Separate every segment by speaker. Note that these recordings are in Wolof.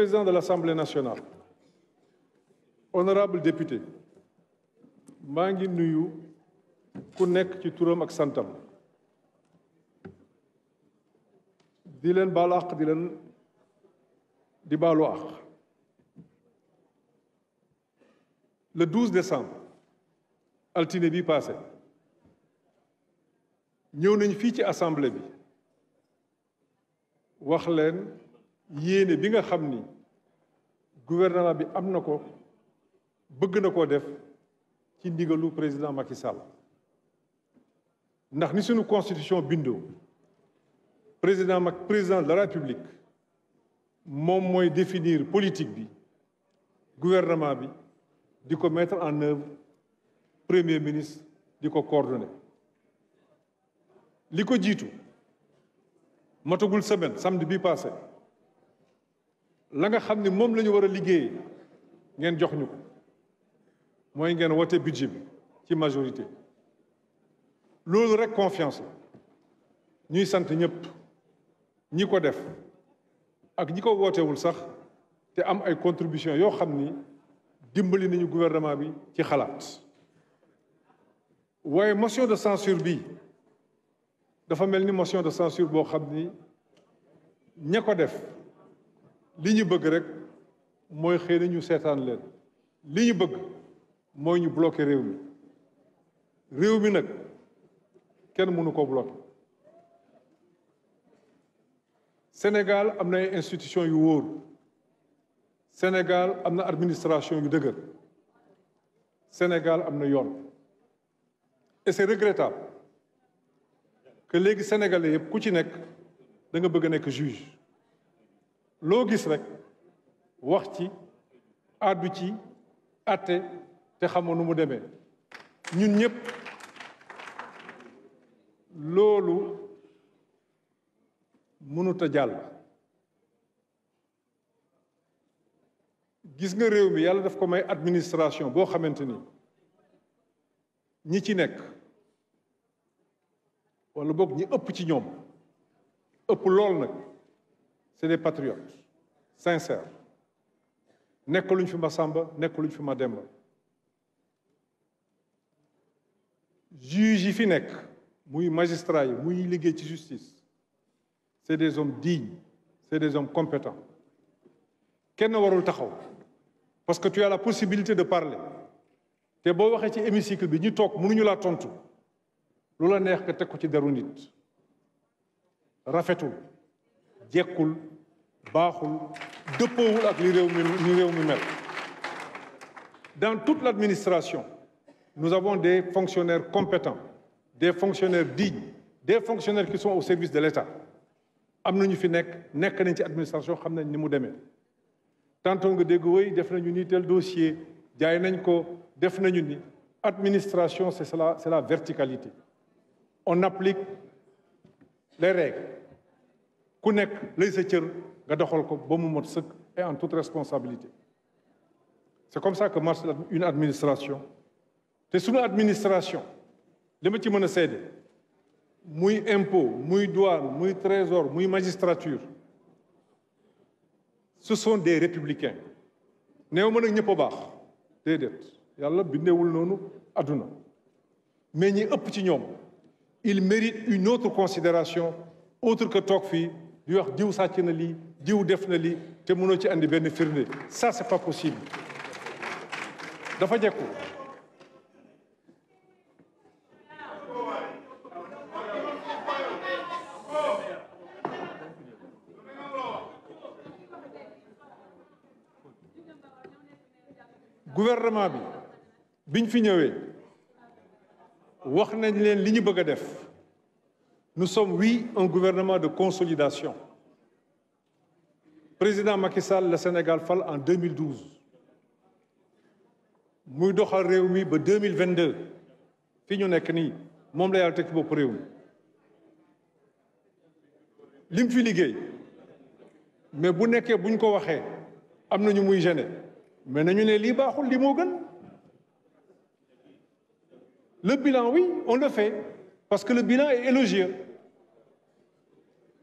Speaker 1: président de l'Assemblée nationale honorable député maa ngi nuyu ku nekk ci turam ak santam di leen baalu àq di leen di baalu àq le 12 décembre altine bi passé ñëw nañ fii ci assemblée bi wax leen yéene bi nga xam ni gouvernement bi am na ko bëgg na koo def ci ndigalu président Macky Sall ndax ni sunu constitution bindoo président Mac président de la république moom mooy définir politique bi gouvernement bi di ko mettre en œuvre premier ministre di ko coordonner li ko jiitu matagul semaine samedi bi passé la nga xam ne moom lañu ñu war a liggéey ngeen jox ñu ko mooy ngeen wote budget bi ci majorité loolu rek confiance la ñuy sant ñëpp ñi ko def ak ñi ko wootewul sax te am ay contribution yoo xam ni dimbali nañu gouvernement bi ci xalaat waaye motion de censure bi dafa mel ni motion de censure boo xam ni ña ko def li ñu bëgg rek mooy xëy na ñu seetaan leen li ñu bëgg mooy ñu bloqué réew mi réew mi nag kenn mënu ko bloqué Sénégal am na ay institution yu wóor Sénégal am na administration yu dëgër Sénégal am na yoon et c'est regrettable que léegi sénégalais yëpp ku ci nekk danga bëgg a nekk juge loo gis rek wax ci àddu ci àtte te xamoo nu mu demee ñun ñëpp loolu mënuta a jàll gis nga réew mi yàlla def ko may administration boo xamante ni ñi ci nekk walla boog ñi ëpp ci ñoom ëpp lool nag c'est des patriotes sincères nekkaluñ fi ma sàmba nekkaluñ fi ma demba juge yi fi nekk muy magistrat yi muy liggéey ci justice c'est des hommes dignes c'est des hommes compétents kenn warul taxaw parce que tu as la possibilité de parler te boo waxee ci hémicycle bi ñu toog ñu laa tontu lu la neex nga teg ci daru nit rafetul jekkul baaxul dëppoowul ak li réew mi ni réew mi mel dans toute l'administration nous avons des fonctionnaires compétents des fonctionnaires dignes des fonctionnaires qui sont au service de l'État am na ñu fi nekk nekk nañ ci administration xam nañ ni mu demee tantôt nga dégg wéy def nañu ni tel dossier jaay nañ ko def nañu ni administration c'est cela c'est la verticalité on applique le règles ku nekk lay sa cër nga doxal ko ba mu mot sëkk et en toute responsabilité c'est comme ça que marche une administration te sunu administration li ma ci mën a seede muy impôt muy douane muy trésor muy magistrature ce sont des républicains néew ma nag ñëpp a baax déedéet yàlla bindeewul noonu adduna mais ñi ëpp ci ñoom il mérite une autre considération autre que toog fii di wax diw sàcc na lii diw def na li te mënoo ci andi benn firnde ça c'est pas dafa jekku gouvernement bi biñ fi ñëwee wax nañ leen li ñu bëgg a def Nous sommes, oui, un gouvernement de consolidation. Président Macky Sall la Sénégal fal en 2012 muy doxal réew mi ba 2022 fii ñu nekk nii moom la yàlla teg ci bopp réew mi li fi liggéey mais bu nekkee buñ ko waxee am na ñu muy gêné mais na ñu ne lii baaxul li moo gën le bilan oui on le fait parce que le bilan est élogieux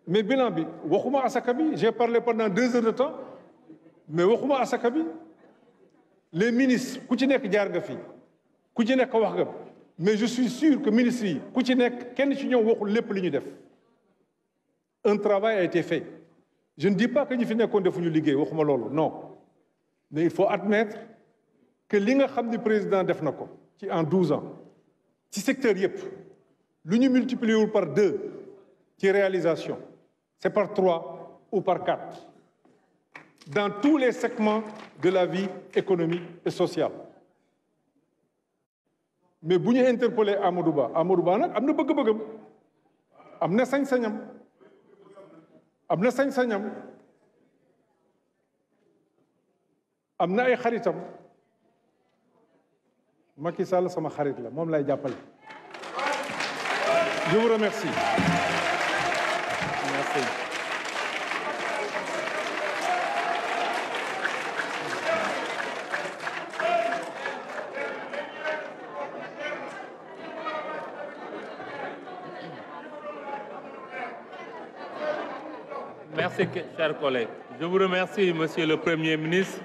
Speaker 1: mais bilan bi waxuma asaka bi j'ai parlé pendant deux heures de temps mais waxuma asaka bi les ministres ku ci nekk jaar nga fi ku ci nekk wax nga mais je suis sûr que ministres yi ku ci nekk kenn ci ñoom waxul lépp li ñu def un travail a été fait je ne dis pas que ñu fi nekkoon defuñu liggéey waxuma loolu non mais il faut admettre que li nga xam ni président def na ko ci en douze ans ci secteur yëpp lu ñu multiplier wul par deux ci réalisation c'est par trois ou par quatre, dans tous les segments de la vie économique et sociale. mais bu ñu interpellé Amadou Ba Amadou Ba nag am na bëgg-bëggam am na sañ-sañam am na sañ-sañam am na ay xaritam Macky Sall sama xarit la moom lay jàppale je vous remercie Merci. Merci, chers collègues. Je vous remercie, Monsieur le Premier ministre.